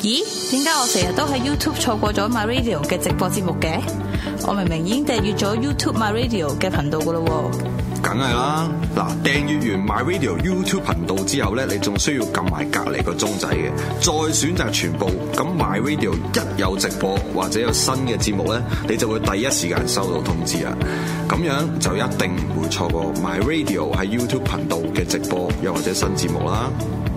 咦？點解我成日都喺 YouTube 錯過咗 MyRadio 嘅直播節目嘅？我明明已經訂閱咗 YouTube MyRadio 嘅頻道噶啦喎。梗係啦，嗱，訂閱完 MyRadio YouTube 頻道之後咧，你仲需要撳埋隔籬個鐘仔嘅，再選擇全部。咁 MyRadio 一有直播或者有新嘅節目咧，你就會第一時間收到通知啊！咁樣就一定唔會錯過 MyRadio 喺 YouTube 頻道嘅直播，又或者新節目啦。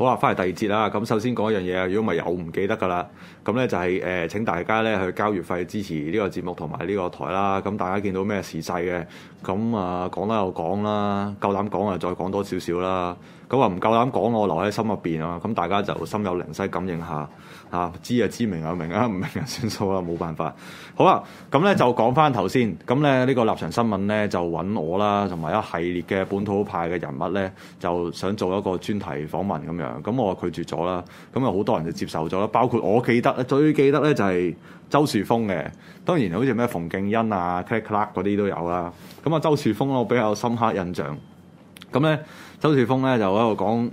好啦，翻嚟第二節啦。咁首先講一樣嘢啊，如果唔係又唔記得噶啦，咁咧就係、是、誒、呃、請大家咧去交月費支持呢個節目同埋呢個台啦。咁大家見到咩時勢嘅，咁啊講啦又講啦，夠膽講啊再講多少少啦。咁話唔夠膽講我留喺心入邊啊。咁大家就心有靈犀，感應下嚇、啊，知啊知明啊明啊，唔明啊算數啦，冇辦法。好啦，咁咧就講翻頭先，咁咧呢個立場新聞咧就揾我啦，同埋一系列嘅本土派嘅人物咧，就想做一個專題訪問咁樣。咁、嗯、我拒絕咗啦，咁啊好多人就接受咗啦，包括我記得最記得咧就係周樹峰嘅，當然好似咩馮敬恩啊、Kakak 嗰啲都有啦、啊。咁、嗯、啊周樹峰我比較深刻印象。咁、嗯、咧，周樹峰咧就喺度講，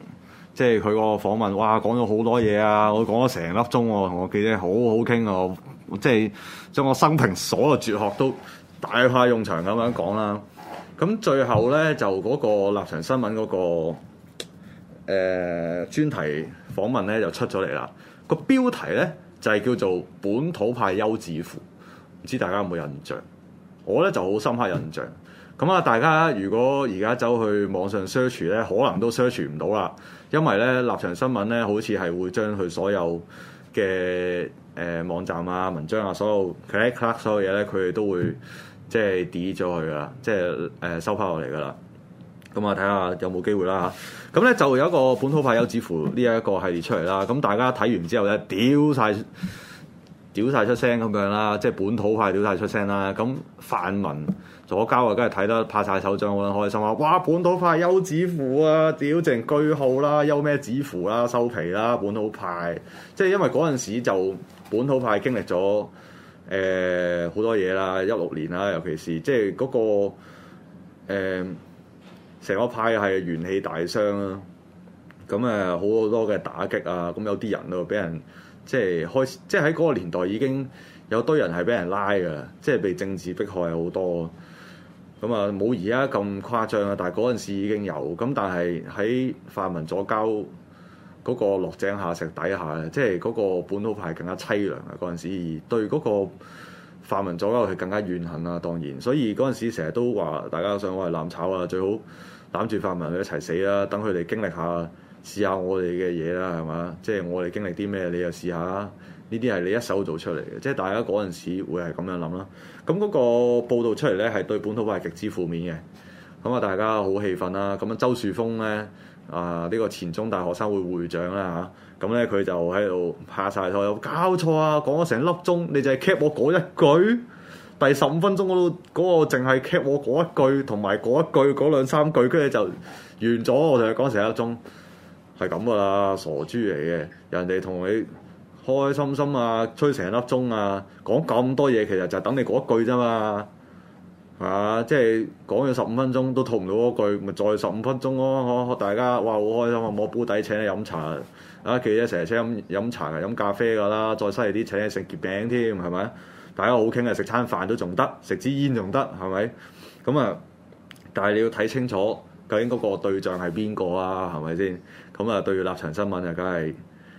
即係佢個訪問，哇，講咗好多嘢啊！我講咗成粒鐘，我，我記得好好傾啊！即係將我生平所有絕學都大派用場咁樣講啦。咁、嗯、最後咧就嗰個立場新聞嗰、那個。誒專題訪問咧就出咗嚟啦，個標題咧就係叫做《本土派優致乎》，唔知大家有冇印象？我咧就好深刻印象。咁啊，大家如果而家走去網上 search 咧，可能都 search 唔到啦，因為咧立場新聞咧好似係會將佢所有嘅誒網站啊、文章啊、所有 click click 所有嘢咧，佢哋都會即係 delete 咗佢噶啦，即係誒收翻落嚟噶啦。咁啊，睇下有冇機會啦嚇！咁咧就有一個本土派休止符呢一個系列出嚟啦。咁大家睇完之後咧，屌晒屌曬出聲咁樣啦，即係本土派屌晒出聲啦。咁泛民左膠啊，梗係睇得拍晒手掌，好開心啊！哇，本土派休止符啊，屌正句號啦，啊，休咩止符啦，收皮啦，啊！本土派，即係因為嗰陣時就本土派經歷咗誒好多嘢啦，一六年啦，尤其是即係嗰、嗰個、呃成個派係元氣大傷啦，咁誒好多嘅打擊啊，咁有啲人咯，俾人即係開始，即係喺嗰個年代已經有堆人係俾人拉嘅，即係被政治迫害好多。咁啊，冇而家咁誇張啊，但係嗰陣時已經有。咁但係喺泛民左膠嗰個落井下石底下，即係嗰個本土派更加淒涼啊！嗰陣時對嗰個。泛民咗，勾去更加怨恨啊！當然，所以嗰陣時成日都話，大家想我係攬炒啊，最好攬住泛民去一齊死啦，等佢哋經歷下試下我哋嘅嘢啦，係嘛？即係我哋經歷啲咩，你就試下啦。呢啲係你一手做出嚟嘅，即係大家嗰陣時會係咁樣諗啦。咁嗰個報導出嚟呢，係對本土派極之負面嘅。咁啊，大家好氣憤啦。咁啊周樹峰呢。啊！呢、這個前中大學生會會長啦嚇，咁咧佢就喺度拍晒枱，搞錯啊，講咗成粒鐘，你就係 cap 我嗰一句，第十五分鐘、那個、我都嗰個淨係 cap 我嗰一句，同埋嗰一句嗰兩三句，跟住就完咗，我就係講成粒鐘，係咁噶啦，傻豬嚟嘅，人哋同你開開心心啊，吹成粒鐘啊，講咁多嘢，其實就等你嗰一句啫嘛。啊！即係講咗十五分鐘都吐唔到嗰句，咪再十五分鐘咯、啊。大家哇，好開心啊！摸煲底請你飲茶啊！記者成日請飲茶嘅飲咖啡噶啦，再犀利啲請你食結餅添，係咪？大家好傾啊！食餐飯都仲得，食支煙仲得，係咪？咁、嗯、啊，但係你要睇清楚究竟嗰個對象係邊個啊？係咪先咁啊？對住立場新聞啊，梗係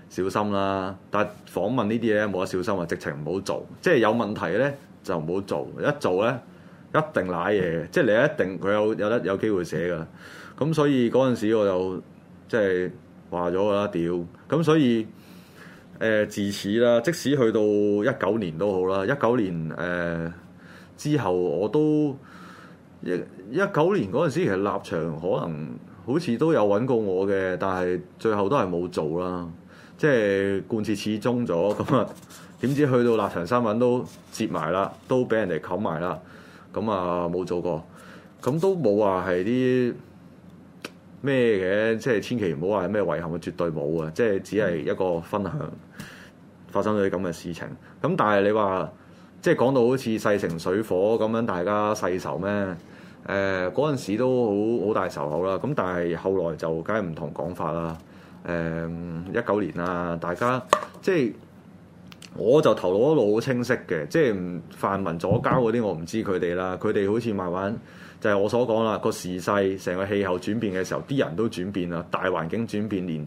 小心啦。但訪問呢啲嘢冇得小心啊，直情唔好做。即係有問題咧就唔好做，一做咧。一定瀨嘢，即係你一定佢有有得有機會寫㗎。咁所以嗰陣時，我就，即係話咗㗎啦。屌咁，所以誒、呃、自此啦，即使去到一九年都好啦，一九年誒、呃、之後我都一一九年嗰陣時，其實立場可能好似都有揾過我嘅，但係最後都係冇做啦。即係貫徹始終咗咁啊，點知去到立場新聞都接埋啦，都俾人哋冚埋啦。咁啊冇做過，咁都冇話係啲咩嘅，即係千祈唔好話係咩遺憾啊，絕對冇啊，即係只係一個分享發生咗啲咁嘅事情。咁但係你話即係講到好似勢成水火咁樣，大家世仇咩？誒嗰陣時都好好大仇口啦。咁但係後來就梗係唔同講法啦。誒一九年啊，大家即係。我就頭腦一路好清晰嘅，即係泛民左膠嗰啲我唔知佢哋啦，佢哋好似慢慢就係、是、我所講啦，時個時勢成個氣候轉變嘅時候，啲人都轉變啦，大環境轉變連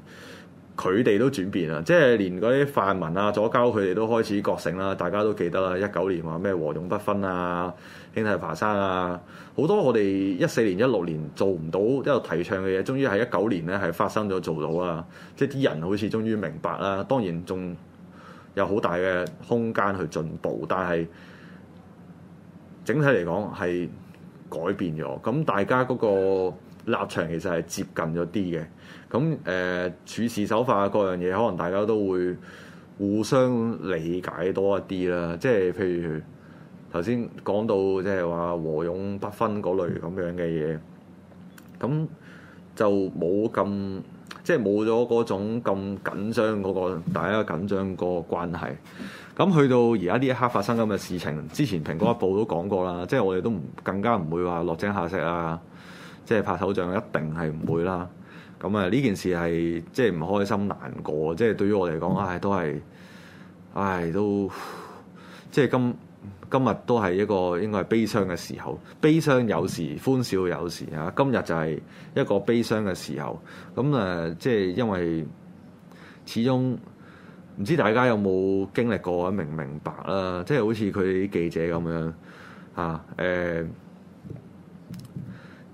佢哋都轉變啦，即係連嗰啲泛民啊左膠佢哋都開始覺醒啦，大家都記得啦，一九年話咩和勇不分啊，兄弟爬山啊，好多我哋一四年一六年做唔到一路提倡嘅嘢，終於喺一九年咧係發生咗做到啦，即係啲人好似終於明白啦，當然仲。有好大嘅空間去進步，但係整體嚟講係改變咗。咁大家嗰個立場其實係接近咗啲嘅。咁誒、呃、處事手法啊，各樣嘢，可能大家都會互相理解多一啲啦。即係譬如頭先講到，即係話和勇不分嗰類咁樣嘅嘢，咁就冇咁。即係冇咗嗰種咁緊張嗰、嗰個，大家緊張個關係。咁去到而家呢一刻發生咁嘅事情，之前蘋果一報都講過啦，即係我哋都更加唔會話落井下石啊，即係拍手掌一定係唔會啦。咁啊，呢件事係即係唔開心、難過，即係對於我嚟講，唉，都係，唉，都即係咁。今日都係一個應該係悲傷嘅時候，悲傷有時，歡笑有時啊。今日就係一個悲傷嘅時候，咁誒、呃，即係因為始終唔知大家有冇經歷過，明唔明白啦？即係好似佢啲記者咁樣啊，誒、呃，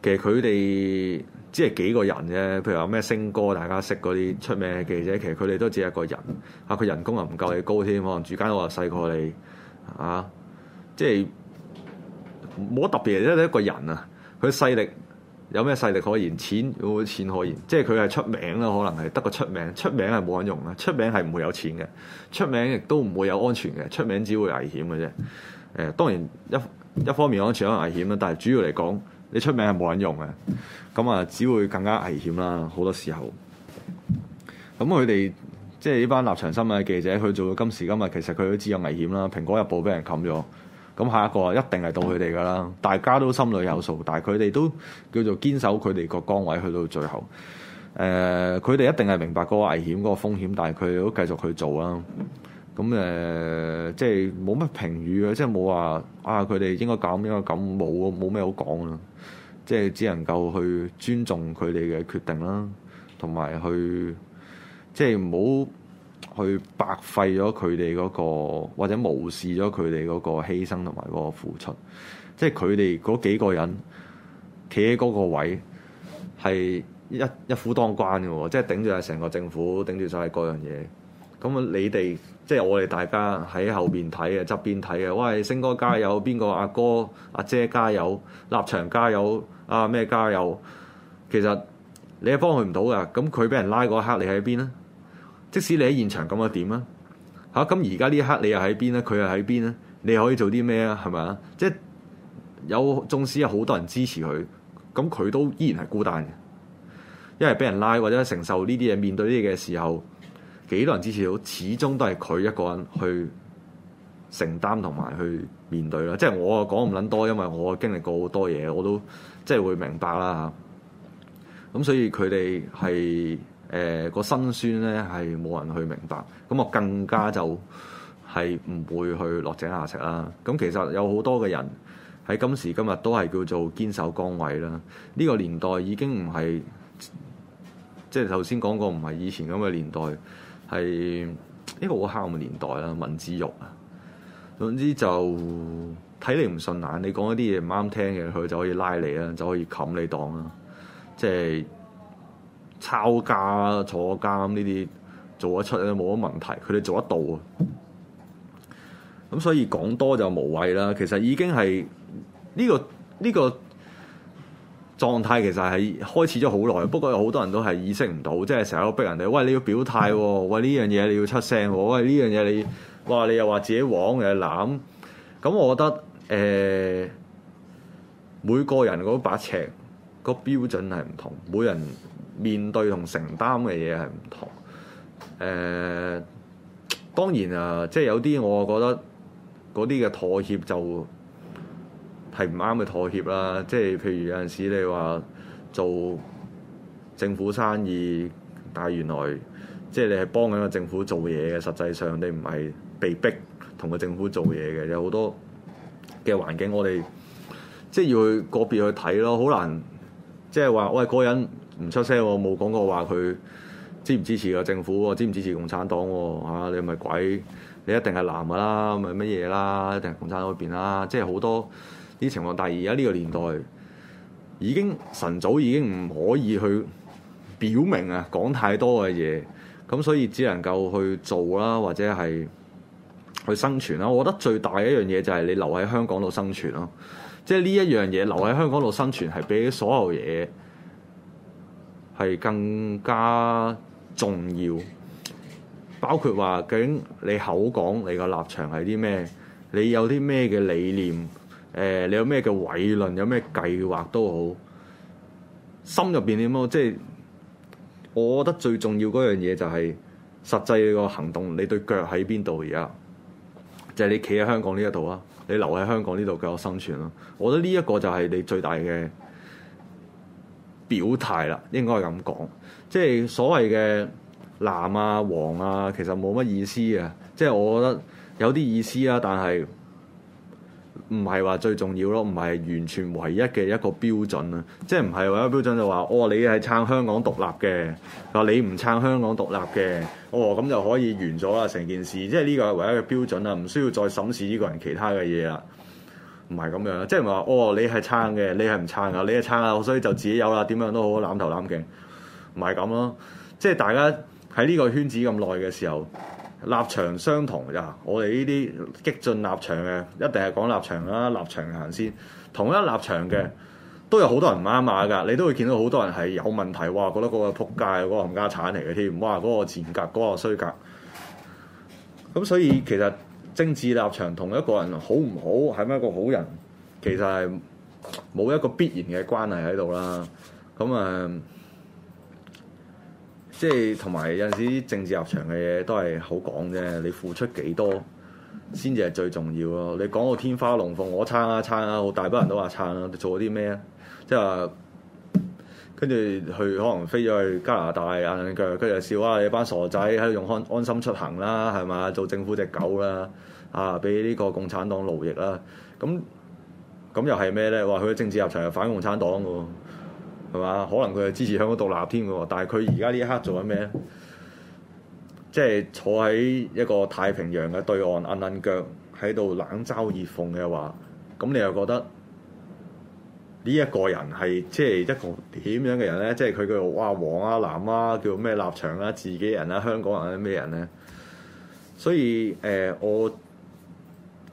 其實佢哋只係幾個人啫。譬如話咩星哥，大家識嗰啲出名嘅記者，其實佢哋都只係一個人啊。佢人工又唔夠你高添，可能住間我細過你。啊！即係冇乜特別，都係一個人啊。佢勢力有咩勢力可言？錢有冇錢可言？即係佢係出名啦，可能係得個出名。出名係冇人用啦，出名係唔會有錢嘅，出名亦都唔會有安全嘅，出名只會危險嘅啫。誒、欸，當然一一方面安全，一方面危險啦。但係主要嚟講，你出名係冇人用嘅，咁啊，只會更加危險啦。好多時候，咁佢哋。即係呢班立場新聞嘅記者，去做到今時今日，其實佢都知有危險啦。《蘋果日報》俾人冚咗，咁下一個一定係到佢哋噶啦。大家都心裏有數，但係佢哋都叫做堅守佢哋個崗位去到最後。誒、呃，佢哋一定係明白嗰個危險、嗰、嗰個風險，但係佢都繼續去做啦。咁誒、呃，即係冇乜評語嘅，即係冇話啊，佢哋應該咁、應該咁，冇冇咩好講啊。即係只能夠去尊重佢哋嘅決定啦，同埋去。即係唔好去白費咗佢哋嗰個，或者無視咗佢哋嗰個犧牲同埋嗰個付出。即係佢哋嗰幾個人企喺嗰個位，係一一夫當關嘅喎，即係頂住曬成個政府，頂住晒各樣嘢。咁你哋即係我哋大家喺後面睇嘅，側邊睇嘅，喂，星哥加油，邊個阿哥阿姐加油，立場加油，啊咩加油？其實你係幫佢唔到㗎，咁佢俾人拉嗰一刻，你喺邊呢？即使你喺現場咁又點啊？嚇！咁而家呢一刻你又喺邊咧？佢又喺邊咧？你可以做啲咩啊？係咪啊？即係有縱使有好多人支持佢，咁佢都依然係孤單嘅，因為俾人拉或者承受呢啲嘢，面對呢嘢嘅時候幾多人支持到，始終都係佢一個人去承擔同埋去面對啦。即係我講唔撚多，因為我經歷過好多嘢，我都即係會明白啦嚇。咁、啊、所以佢哋係。誒、呃個辛酸咧係冇人去明白，咁我更加就係唔會去落井下石啦。咁其實有好多嘅人喺今時今日都係叫做堅守崗位啦。呢、呢個年代已經唔係即係頭先講過，唔係以前咁嘅年代，係一個好黑暗嘅年代啦，文字獄，啊，總之就睇你唔順眼，你講一啲嘢唔啱聽嘅，佢就可以拉你啦，就可以冚你檔啦，即係。抄家坐監呢啲做得出咧冇乜問題，佢哋做得到啊！咁所以講多就無謂啦。其實已經係呢個呢個狀態，其實係開始咗好耐。不過有好多人都係意識唔到，即係成日都逼人哋。喂，你要表態喎！喂，呢樣嘢你要出聲喎！喂，呢樣嘢你話你又話自己往又攬咁，我覺得誒，每個人嗰把尺個標準係唔同，每人。面對同承擔嘅嘢係唔同，誒，呃，當然啊，即係有啲我覺得嗰啲嘅妥協就係唔啱嘅妥協啦。即係譬如有陣時你話做政府生意，但係原來即係你係幫緊個政府做嘢嘅，實際上你唔係被逼同個政府做嘢嘅，有好多嘅環境我哋即係要去個別去睇咯，好難即係話喂個人。唔出聲喎，冇講過話佢支唔支持個政府喎，支唔支持共產黨喎，嚇、啊、你咪鬼，你一定係男噶啦，咪乜嘢啦，一定係共產黨嗰邊啦，即係好多啲情況。但係而家呢個年代已經晨早已經唔可以去表明啊，講太多嘅嘢，咁所以只能夠去做啦，或者係去生存啦。我覺得最大一樣嘢就係你留喺香港度生存咯，即係呢一樣嘢留喺香港度生存係俾所有嘢。係更加重要，包括話究竟你口講你個立場係啲咩？你有啲咩嘅理念？誒、呃，你有咩嘅偉論？有咩計劃都好，心入邊點樣？即係我覺得最重要嗰樣嘢就係、是、實際個行動，你對腳喺邊度而家？就係、是、你企喺香港呢一度啊！你留喺香港呢度繼續生存咯。我覺得呢一個就係你最大嘅。表態啦，應該係咁講，即係所謂嘅藍啊、黃啊，其實冇乜意思嘅，即係我覺得有啲意思啊，但係唔係話最重要咯，唔係完全唯一嘅一個標準啊，即係唔係唯一標準就話，哦，你係撐香港獨立嘅，啊，你唔撐香港獨立嘅，哦，咁就可以完咗啦，成件事，即係呢個係唯一嘅標準啦，唔需要再審視呢個人其他嘅嘢啦。唔係咁樣，即係唔話哦，你係撐嘅，你係唔撐噶，你係撐啊，所以就自己有啦，點樣都好，攬頭攬頸，唔係咁咯。即係大家喺呢個圈子咁耐嘅時候，立場相同咋。我哋呢啲激進立場嘅，一定係講立場啦，立場行先。同一立場嘅都有好多人唔啱碼㗎，你都會見到好多人係有問題哇，覺得嗰個撲街，嗰、那個冚家鏟嚟嘅添，哇、那、嗰個賤格，嗰、那個衰格。咁、那個、所以其實。政治立場同一個人好唔好，係咪一個好人，其實係冇一個必然嘅關係喺度啦。咁誒，即係同埋有陣時政治立場嘅嘢都係好講啫。你付出幾多先至係最重要咯？你講到天花龍鳳，我撐啊撐啊，好大班人都話撐啦、啊。做咗啲咩啊？即係話。跟住佢可能飛咗去加拿大，揞揞腳，佢就笑啦！你班傻仔喺度用安安心出行啦，係嘛？做政府隻狗啦，啊！俾呢個共產黨奴役啦，咁咁又係咩咧？話佢嘅政治入場係反共產黨嘅喎，係嘛？可能佢係支持香港獨立添嘅喎。但係佢而家呢一刻做緊咩咧？即係坐喺一個太平洋嘅對岸揞揞腳，喺度冷嘲熱諷嘅話，咁你又覺得？呢一個人係即係一個點樣嘅人咧？即係佢叫哇，黃啊藍啊，叫咩立場啊、自己人啊、香港人啊、咩人咧？所以誒、呃，我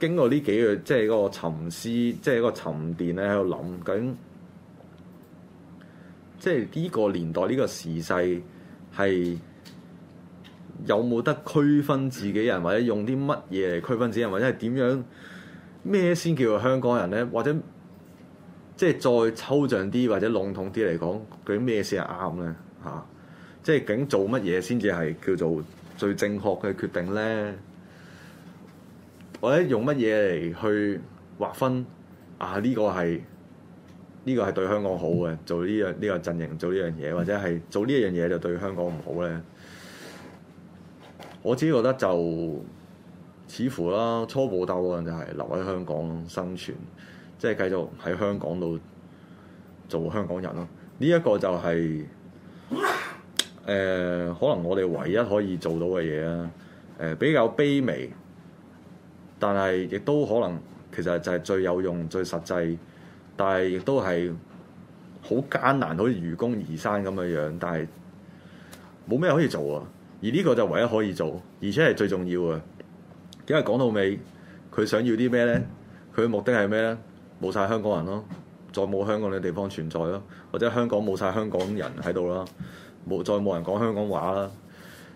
經過呢幾個即係一個沉思，即係一個沉澱咧，喺度諗緊，即係呢個年代呢、呢個時勢係有冇得區分自己人，或者用啲乜嘢嚟區分自己人，或者係點樣咩先叫做香港人咧？或者？即係再抽象啲或者籠統啲嚟講，佢啲咩先係啱呢？嚇、啊！即係究竟做乜嘢先至係叫做最正確嘅決定呢？或者用乜嘢嚟去劃分啊？呢、這個係呢、這個係對香港好嘅，做呢樣呢個陣營做呢樣嘢，或者係做呢一樣嘢就對香港唔好呢？我自己覺得就似乎啦，初步答案就係留喺香港生存。即係繼續喺香港度做香港人咯。呢一個就係，誒，可能我哋唯一可以做到嘅嘢啦。誒，比較卑微，但係亦都可能其實就係最有用、最實際，但係亦都係好艱難，好似愚公移山咁嘅樣。但係冇咩可以做啊！而呢個就唯一可以做，而且係最重要啊，因為講到尾，佢想要啲咩咧？佢目的係咩咧？冇晒香港人咯，再冇香港嘅地方存在咯，或者香港冇晒香港人喺度啦，冇再冇人講香港話啦，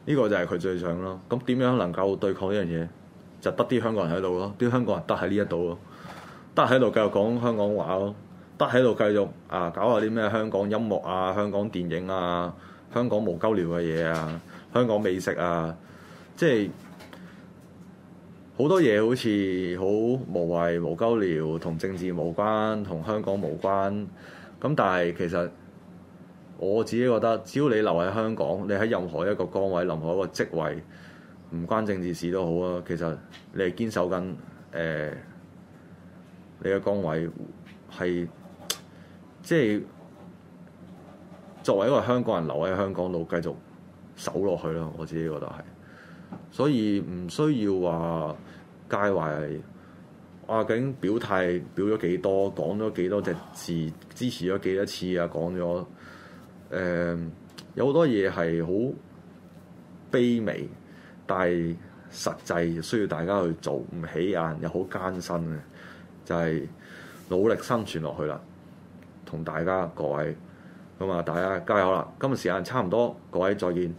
呢個就係佢最想咯。咁點樣能夠對抗呢樣嘢？就得啲香港人喺度咯，啲香港人得喺呢一度咯，得喺度繼續講香港話咯，得喺度繼續啊搞下啲咩香港音樂啊、香港電影啊、香港無鳩聊嘅嘢啊、香港美食啊，即係。多好多嘢好似好無謂無鳩聊，同政治無關，同香港無關。咁但係其實我自己覺得，只要你留喺香港，你喺任何一個崗位、任何一個職位，唔關政治事都好啊。其實你係堅守緊誒、呃、你嘅崗位，係即係作為一個香港人，留喺香港度繼續守落去咯。我自己覺得係，所以唔需要話，介懷啊！究竟表態表咗幾多，講咗幾多隻字，支持咗幾多次啊？講咗誒、呃，有好多嘢係好卑微，但係實際需要大家去做，唔起眼又好艱辛嘅，就係、是、努力生存落去啦。同大家各位咁啊，大家加油啦！今日時間差唔多，各位再見。